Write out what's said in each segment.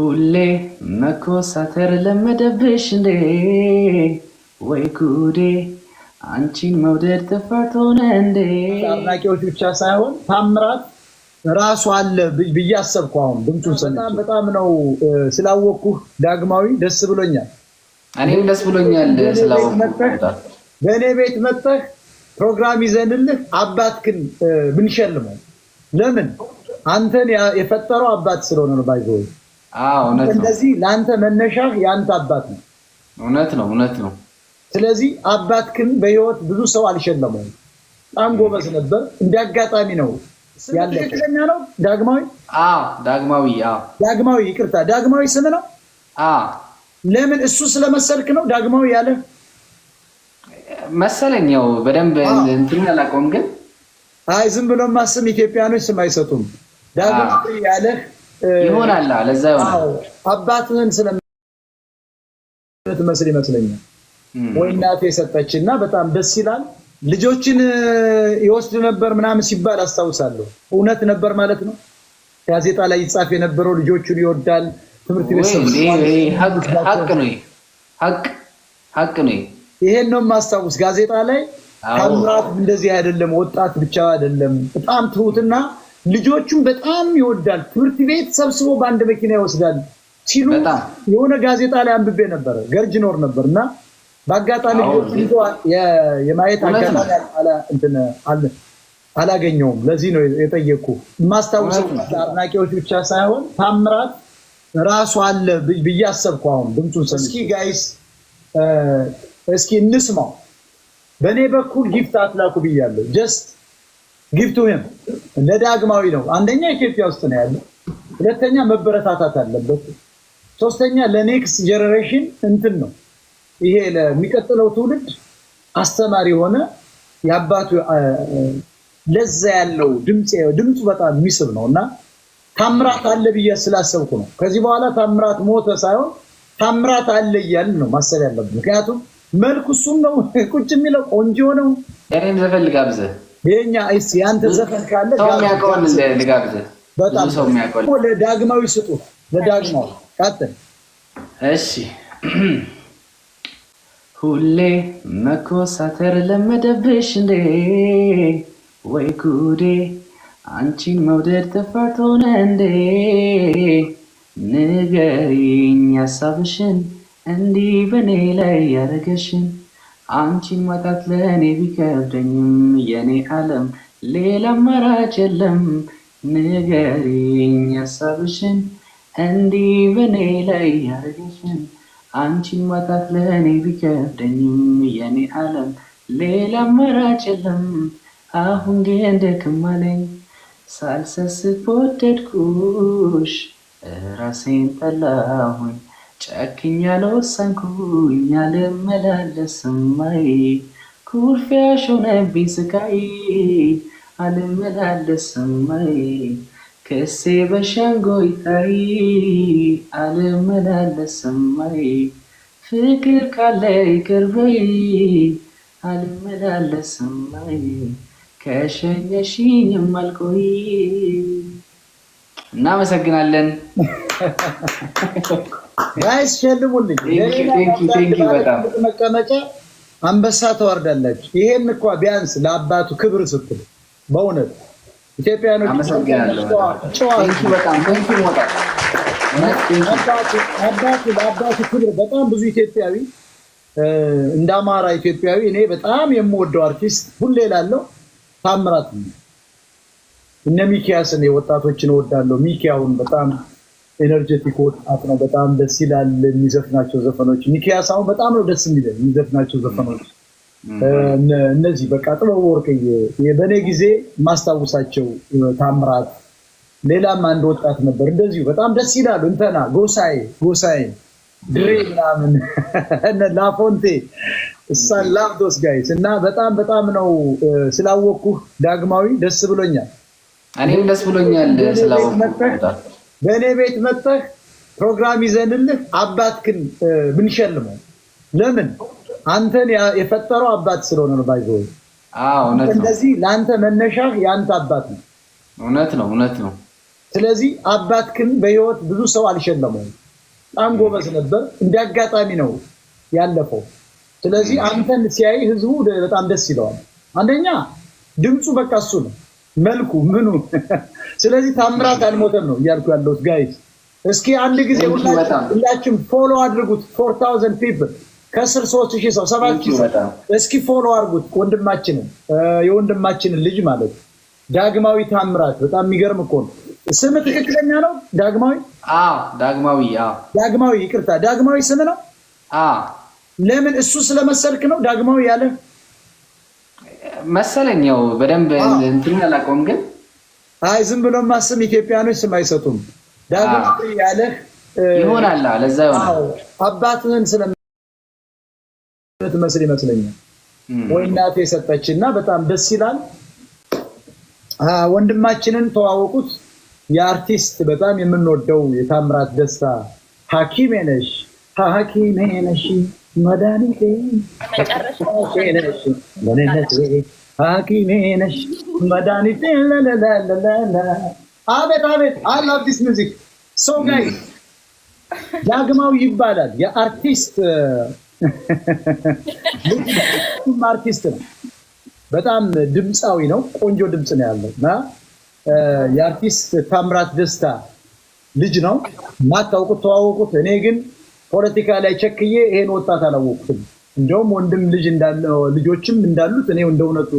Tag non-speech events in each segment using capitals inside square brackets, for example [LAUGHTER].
ሁሌ መኮሳተር ለመደብሽ እንዴ? ወይ ጉዴ አንቺን መውደድ ተፈርቶነ እንዴ? አድናቂዎች ብቻ ሳይሆን ታምራት ራሱ አለ ብዬ አሰብኩ። አሁን ድምፁን ሰምቼ በጣም ነው ስላወቅኩህ ዳግማዊ ደስ ብሎኛል። እኔም ደስ ብሎኛል ስላወቅኩህ። በእኔ ቤት መጠህ ፕሮግራም ይዘንልህ አባትክን ብንሸልመው ለምን አንተን የፈጠረው አባት ስለሆነ ነው ባይዘወይ እንደዚህ ለአንተ መነሻህ የአንተ አባት ነው። እውነት ነው፣ እውነት ነው። ስለዚህ አባትክን በህይወት ብዙ ሰው አልሸለመውም። በጣም ጎበዝ ነበር። እንደ አጋጣሚ ነው ያለ። ነው ዳግማዊ? ዳግማዊ። ዳግማዊ፣ ይቅርታ ዳግማዊ ስም ነው። ለምን እሱ ስለመሰልክ ነው ዳግማዊ ያለ መሰለኝ። ያው በደንብ እንትን ግን አይ ዝም ብሎማ ስም ኢትዮጵያኖች ስም አይሰጡም። ዳግማዊ ያለህ ይሆናል። ለዛ ይሆናል አባትህን ስለምትመስል ይመስለኛል ወይ እናቴ የሰጠች እና በጣም ደስ ይላል። ልጆችን ይወስድ ነበር ምናምን ሲባል አስታውሳለሁ። እውነት ነበር ማለት ነው። ጋዜጣ ላይ ይጻፍ የነበረው ልጆቹን ይወዳል። ትምህርት ቤት ሀቅ ነው። ይሄን ነው የማስታውስ። ጋዜጣ ላይ ከምራት እንደዚህ አይደለም፣ ወጣት ብቻ አይደለም፣ በጣም ትሁትና ልጆቹን በጣም ይወዳል። ትምህርት ቤት ሰብስቦ በአንድ መኪና ይወስዳል ሲሉ የሆነ ጋዜጣ ላይ አንብቤ ነበረ። ገርጅ ኖር ነበር እና በአጋጣሚ የማየት አጋጣሚ አላገኘውም። ለዚህ ነው የጠየቅኩ። የማስታውሰው አድናቂዎች ብቻ ሳይሆን ታምራት ራሱ አለ ብዬ አሰብኩ። አሁን ድምፁን እስኪ ጋይስ እስኪ እንስማው። በእኔ በኩል ጊፍት አትላኩ ብያለሁ ጀስት ጊፍቱ ለዳግማዊ ነው። አንደኛ ኢትዮጵያ ውስጥ ነው ያለው፣ ሁለተኛ መበረታታት አለበት፣ ሶስተኛ ለኔክስት ጀነሬሽን እንትን ነው ይሄ ለሚቀጥለው ትውልድ አስተማሪ የሆነ የአባቱ ለዛ ያለው ድምፁ በጣም የሚስብ ነው እና ታምራት አለ ብዬ ስላሰብኩ ነው። ከዚህ በኋላ ታምራት ሞተ ሳይሆን ታምራት አለ እያልን ነው ማሰብ ያለብን። ምክንያቱም መልኩ እሱም ነው ቁጭ የሚለው ቆንጆ ነው። ያንን ዘፈልግ አብዘህ የኛ እስኪ ያንተ ዘፈን ካለ ሰው የሚያውቀውን ልጋብዘህ። በጣም ሰው የሚያውቀውን ለዳግማዊ ስጡት። ለዳግማዊ ቀጥል። እሺ ሁሌ መኮሳተር ለመደብሽ እንዴ? ወይ ጉዴ! አንቺን መውደድ ጥፋት ሆነ እንዴ? ንገሪኝ ሀሳብሽን እንዲህ በኔ ላይ ያደረገሽን አንቺን ማጣት ለእኔ ቢከብደኝም የኔ ዓለም ሌላ አማራጭ የለም። ንገሪኝ ሀሳብሽን እንዲህ በኔ ላይ ያደረገሽን አንቺን ማጣት ለእኔ ቢከብደኝም የኔ ዓለም ሌላ አማራጭ የለም። አሁን ግን ደክማለኝ ሳልሰስት ወደድኩሽ ራሴን ጠላሁኝ። ጨክኛ ለወሰንኩኝ አልመላለስማይ ኩርፊያሽ ቢስቃይ ስቃይ አልመላለስማይ ከሴ በሸንጎ ይታይ አልመላለስማይ ፍቅር ካለ ይቅርበይ አልመላለስማይ ከሸኘሽኝ የማልቆይ። እናመሰግናለን። [LAUGHS] ያስሸልሙልኝ መቀመጫ አንበሳ ተዋርዳላችሁ። ይሄን እኳ ቢያንስ ለአባቱ ክብር ስትል በእውነት ኢትዮጵያኖች ለአባቱ ክብር በጣም ብዙ ኢትዮጵያዊ እንደ አማራ ኢትዮጵያዊ እኔ በጣም የምወደው አርቲስት ሁሌ ላለው ታምራት ነው። እነ ወጣቶችን እወዳለሁ። ሚኪያውን በጣም ኤነርጀቲክ ወጣት ነው። በጣም ደስ ይላል የሚዘፍናቸው ዘፈኖች። ሚኪያስ አሁን በጣም ነው ደስ የሚለ የሚዘፍናቸው ዘፈኖች እነዚህ በቃ ጥበብ ወርቅዬ፣ በእኔ ጊዜ ማስታውሳቸው ታምራት፣ ሌላም አንድ ወጣት ነበር እንደዚሁ በጣም ደስ ይላሉ። እንተና ጎሳዬ ጎሳዬ ድሬ ምናምን [LAUGHS] ላፎንቴ እሳን ላፍዶስ ጋይስ እና በጣም በጣም ነው ስላወቅኩህ ዳግማዊ ደስ ብሎኛል። እኔም ደስ ብሎኛል ስላወቅኩህ በእኔ ቤት መጥተህ ፕሮግራም ይዘንልህ አባትክን ብንሸልመው ለምን አንተን የፈጠረው አባት ስለሆነ ነው። ባይዘ እንደዚህ ለአንተ መነሻህ የአንተ አባት ነው። እውነት ነው፣ እውነት ነው። ስለዚህ አባትክን በህይወት ብዙ ሰው አልሸለመውም። በጣም ጎበዝ ነበር። እንደ አጋጣሚ ነው ያለፈው። ስለዚህ አንተን ሲያይ ህዝቡ በጣም ደስ ይለዋል። አንደኛ ድምፁ በቃ እሱ ነው። መልኩ ምኑ። ስለዚህ ታምራት አልሞተም ነው እያልኩ ያለሁት ጋይዝ። እስኪ አንድ ጊዜ ሁላችሁም ፎሎ አድርጉት። ፎር ታውዘንድ ፒፕል ከስር ሶስት ሺህ ሰው ሰባት ሺህ ሰው እስኪ ፎሎ አድርጉት። ወንድማችንን የወንድማችንን ልጅ ማለት ዳግማዊ ታምራት በጣም የሚገርም እኮ ነው። ስም ትክክለኛ ነው ዳግማዊ? ዳግማዊ። ዳግማዊ፣ ይቅርታ ዳግማዊ ስም ነው። ለምን እሱ ስለመሰልክ ነው ዳግማዊ ያለ መሰለኝ ያው በደንብ እንትን አላውቀውም፣ ግን አይ ዝም ብሎ ማስም ኢትዮጵያኖች ስም አይሰጡም። ዳግም ያለ ይሆናል፣ ለዛ ይሆናል። አባትህን ስለምትመስል ይመስለኛል፣ ወይ እናቴ የሰጠች እና በጣም ደስ ይላል። ወንድማችንን ተዋወቁት። የአርቲስት በጣም የምንወደው የታምራት ደስታ ሐኪሜ ነሽ ሐኪሜ ነሽ መድኃኒቴ ሐኪሜ ነሽ መድኃኒቴ። አቤት አቤት አለ አዲስ ሙዚክ ሰው ጋይ ዳግማው ይባላል። የአርቲስት አርቲስት ነው። በጣም ድምፃዊ ነው። ቆንጆ ድምፅ ነው ያለው እና የአርቲስት ታምራት ደስታ ልጅ ነው። ማታውቁት ተዋወቁት። እኔ ግን ፖለቲካ ላይ ቸክዬ ይሄን ወጣት አላወቅኩትም። እንደውም ወንድም ልጅ ልጆችም እንዳሉት እኔ እንደ እውነቱ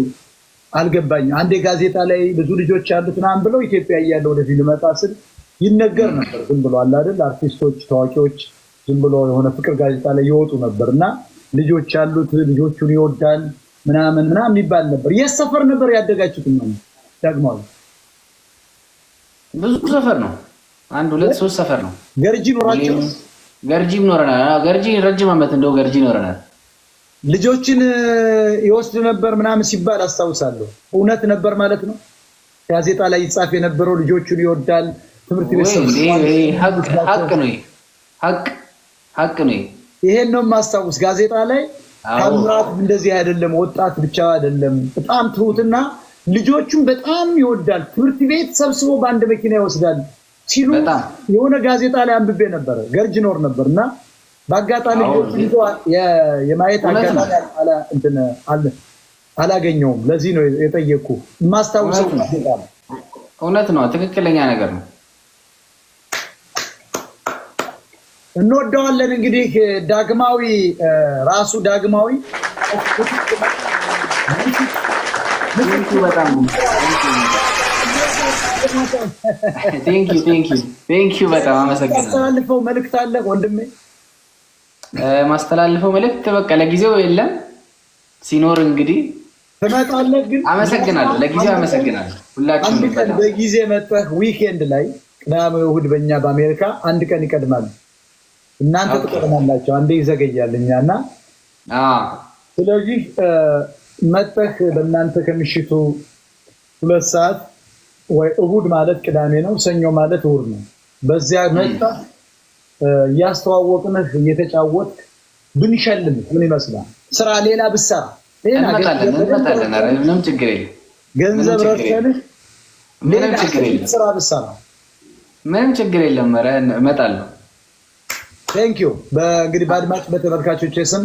አልገባኝም። አንዴ ጋዜጣ ላይ ብዙ ልጆች ያሉት ምናምን ብለው ኢትዮጵያ እያለ ወደፊት ልመጣ ስል ይነገር ነበር። ዝም ብሎ አለ አይደል አርቲስቶች፣ ታዋቂዎች ዝም ብሎ የሆነ ፍቅር ጋዜጣ ላይ ይወጡ ነበር እና ልጆች ያሉት ልጆቹን ይወዳል ምናምን ምናምን የሚባል ነበር። የት ሰፈር ነበር ያደጋችሁት? ነው ዳግማዊ ብዙ ሰፈር ነው። አንድ ሁለት ሶስት ሰፈር ነው ገርጂ ኖራቸው ገርጂ ኖረናል። ገርጂ ረጅም ዓመት እንደው ገርጂ ኖረናል። ልጆችን ይወስድ ነበር ምናምን ሲባል አስታውሳለሁ። እውነት ነበር ማለት ነው። ጋዜጣ ላይ ይጻፍ የነበረው ልጆቹን ይወዳል፣ ትምህርት ቤት ሀቅ ነው። ሀቅ ሀቅ ነው። ይሄን ነው የማስታውስ። ጋዜጣ ላይ ታምራት እንደዚህ አይደለም፣ ወጣት ብቻ አይደለም፣ በጣም ትሁትና ልጆቹን በጣም ይወዳል። ትምህርት ቤት ሰብስቦ በአንድ መኪና ይወስዳል። ሲሉ የሆነ ጋዜጣ ላይ አንብቤ ነበረ። ገርጅ ኖር ነበር እና በአጋጣሚ የማየት አጋጣሚ አላገኘውም። ለዚህ ነው የጠየቅኩ። የማስታውሰው እውነት ነው፣ ትክክለኛ ነገር ነው። እንወደዋለን። እንግዲህ ዳግማዊ ራሱ ዳግማዊ በጣም ቴንኪው [LAUGHS] በጣም አመሰግናለሁ። ማስተላልፈው መልእክት አለ ወንድሜ? ማስተላልፈው መልዕክት በቃ ለጊዜው የለም፣ ሲኖር እንግዲህ ትመጣለህ። ግን አመሰግናለሁ፣ ለጊዜው አመሰግናለሁ። ሁላችሁም አንድ ቀን በጊዜ መጥተህ ዊኬንድ ላይ ቅዳሜ እሑድ በእኛ በአሜሪካ አንድ ቀን ይቀድማል፣ እናንተ ትቀድማላቸው አንዴ ይዘገያል እኛ እና ስለዚህ መጠህ በእናንተ ከምሽቱ ሁለት ሰዓት ወይ እሁድ ማለት ቅዳሜ ነው፣ ሰኞ ማለት እሁድ ነው። በዚያ መጣ እያስተዋወቅንህ እየተጫወት ብንሸልም ምን ይመስላል? ስራ ሌላ ብሰራ ምንም ችግር የለም። ገንዘብ ረሰንህ ሌላ ስራ ብሰራ ምንም ችግር የለም። እመጣለሁ። ቴንኪዩ። እንግዲህ በአድማጭ በተመልካቾች ስም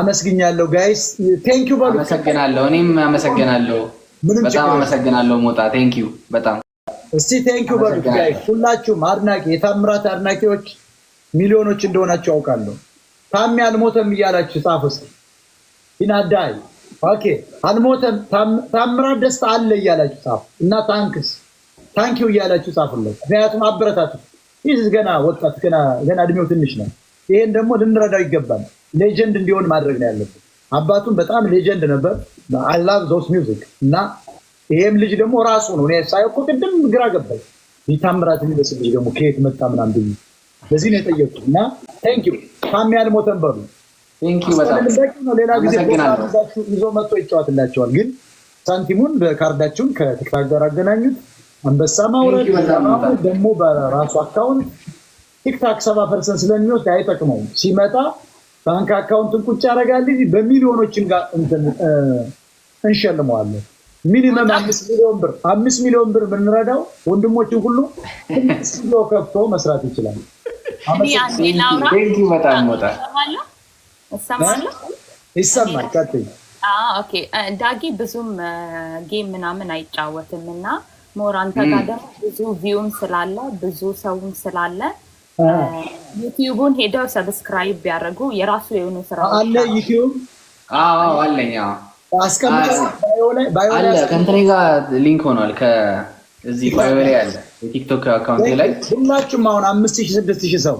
አመስግኛለሁ። ጋይስ በሉ። አመሰግናለሁ። እኔም አመሰግናለሁ። በጣም አመሰግናለሁ ሞጣ ቴንኪዩ። በጣም እስቲ ቴንኪዩ በሉ ሁላችሁም አድናቂ የታምራት አድናቂዎች ሚሊዮኖች እንደሆናችሁ አውቃለሁ። ታሜ አልሞተም እያላችሁ ጻፍ ውስጥ ይናዳይ ኦኬ፣ አልሞተም ታምራት ደስታ አለ እያላችሁ ጻፉ እና ታንክስ ታንኪዩ እያላችሁ ጻፉለት። ምክንያቱም አበረታቱ። ይህ ገና ወጣት ገና እድሜው ትንሽ ነው። ይሄን ደግሞ ልንረዳው ይገባል። ሌጀንድ እንዲሆን ማድረግ ነው ያለብን። አባቱን በጣም ሌጀንድ ነበር። አላቭ ዞስ ሚውዚክ እና ይሄም ልጅ ደግሞ ራሱ ነው እኔ ሳይ ሳይኮ ቅድም ግራ ገባኝ። ቢታምራት የሚመስል ልጅ ደግሞ ከየት መጣ ምናምን ብዬ በዚህ ነው የጠየቅኩት። እና ቴንክ ዩ ታሚ አልሞተም በሉ ሌላ ጊዜ ይዞ መጥቶ ይጫወትላቸዋል። ግን ሳንቲሙን በካርዳችሁን ከቲክታክ ጋር አገናኙት። አንበሳ ማውረድ ደግሞ በራሱ አካውንት ቲክታክ ሰባ ፐርሰንት ስለሚወስድ አይጠቅመውም ሲመጣ ባንክ አካውንትን ቁጭ ያደርጋል። በሚሊዮኖችን ጋር እንሸልመዋለን። ሚኒመም አምስት ሚሊዮን ብር አምስት ሚሊዮን ብር ብንረዳው ወንድሞችን ሁሉ ስሎ ከፍቶ መስራት ይችላል። ይሰማል። ዳጊ ብዙም ጌም ምናምን አይጫወትም እና ሞር አንተ ጋር ደግሞ ብዙ ቪውም ስላለ ብዙ ሰውም ስላለ ዩቲዩቡን ሄደው ሰብስክራይብ ቢያደርጉ የራሱ የሆኑ ስራ አለ። ዩቲዩብ አለኝ ጋር ሊንክ ሆኗል። ከእዚህ ባዮ ላይ አለ። የቲክቶክ አካውንት ላይ ሁላችሁም አሁን አምስት ሺ ስድስት ሺ ሰው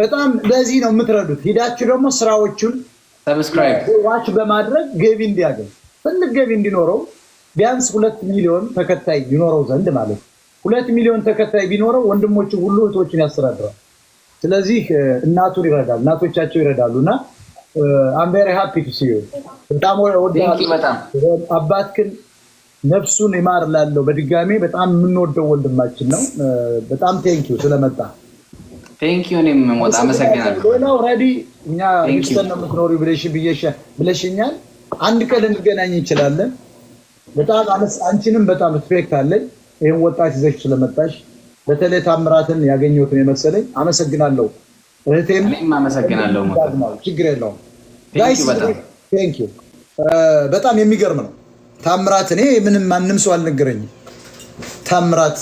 በጣም ለዚህ ነው የምትረዱት። ሂዳችሁ ደግሞ ስራዎቹን ሰብስክራይብ ዋች በማድረግ ገቢ እንዲያገኝ ትልቅ ገቢ እንዲኖረው ቢያንስ ሁለት ሚሊዮን ተከታይ ይኖረው ዘንድ ማለት ሁለት ሚሊዮን ተከታይ ቢኖረው ወንድሞቹ ሁሉ እህቶችን ያስተዳድራል። ስለዚህ እናቱን ይረዳል፣ እናቶቻቸው ይረዳሉ። እና አምቤሪ ሀፒ ሲዩ በጣም አባትክን ነፍሱን ይማር ላለው በድጋሜ በጣም የምንወደው ወንድማችን ነው። በጣም ቴንኪዩ ስለመጣ ቴንኪዩ። እኔም ሞጣ አመሰግናለሁ። ሌላው ረዲ እኛ ስተን ነው የምትኖሪ ብለሽኛል። አንድ ቀን እንገናኝ እንችላለን። በጣም አንቺንም በጣም ስፔክት አለኝ ይህን ወጣት ይዘሽ ስለመጣሽ በተለይ ታምራትን ያገኘትን የመሰለኝ አመሰግናለሁ። እህቴም አመሰግናለሁ። ችግር የለውም በጣም የሚገርም ነው። ታምራት እኔ ምንም ማንም ሰው አልነገረኝም። ታምራት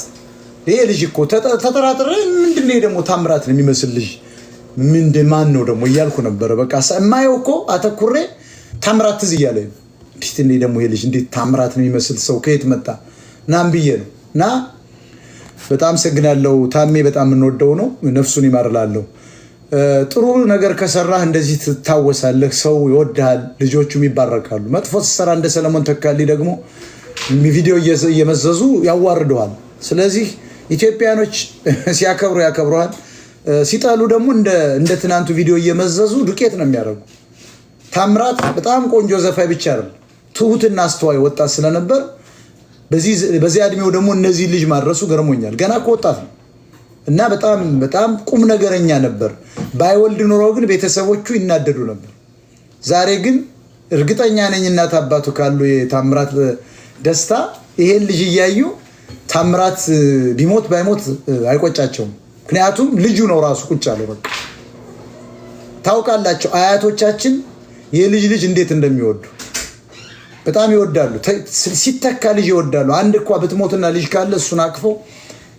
ይሄ ልጅ እኮ ተጠራጥሬ ምንድን ነው ደግሞ ታምራት ነው የሚመስል ልጅ ምንድን ማን ነው ደግሞ እያልኩ ነበረ። በቃ የማየው እኮ አተኩሬ ታምራት ትዝ እያለ ደግሞ ይሄ ልጅ እንዴት ታምራት ነው የሚመስል ሰው ከየት መጣ ናም ብዬ ነው ና በጣም ሰግናለው። ታሜ በጣም የምንወደው ነው። ነፍሱን ይማርላለሁ። ጥሩ ነገር ከሰራህ እንደዚህ ትታወሳለህ። ሰው ይወድሃል፣ ልጆቹም ይባረካሉ። መጥፎ ሰራ እንደ ሰለሞን ተካሊ ደግሞ ቪዲዮ እየመዘዙ ያዋርደዋል። ስለዚህ ኢትዮጵያኖች [LAUGHS] ሲያከብሩ ያከብረዋል፣ ሲጠሉ ደግሞ እንደ ትናንቱ ቪዲዮ እየመዘዙ ዱቄት ነው የሚያደርጉ። ታምራት በጣም ቆንጆ ዘፋይ ብቻ ትሁትና አስተዋይ ወጣት ስለነበር በዚህ እድሜው ደግሞ እነዚህ ልጅ ማድረሱ ገርሞኛል። ገና ከወጣት ነው እና በጣም በጣም ቁም ነገረኛ ነበር። ባይወልድ ኖሮ ግን ቤተሰቦቹ ይናደዱ ነበር። ዛሬ ግን እርግጠኛ ነኝ እናት አባቱ ካሉ የታምራት ደስታ ይሄን ልጅ እያዩ ታምራት ቢሞት ባይሞት አይቆጫቸውም። ምክንያቱም ልጁ ነው ራሱ ቁጭ አለው። በቃ ታውቃላቸው አያቶቻችን የልጅ ልጅ እንዴት እንደሚወዱ በጣም ይወዳሉ። ሲተካ ልጅ ይወዳሉ። አንድ እኳ ብትሞትና ልጅ ካለ እሱን አቅፎ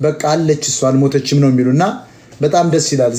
በቃ አለች እሷ አልሞተችም ነው የሚሉ እና በጣም ደስ ይላል።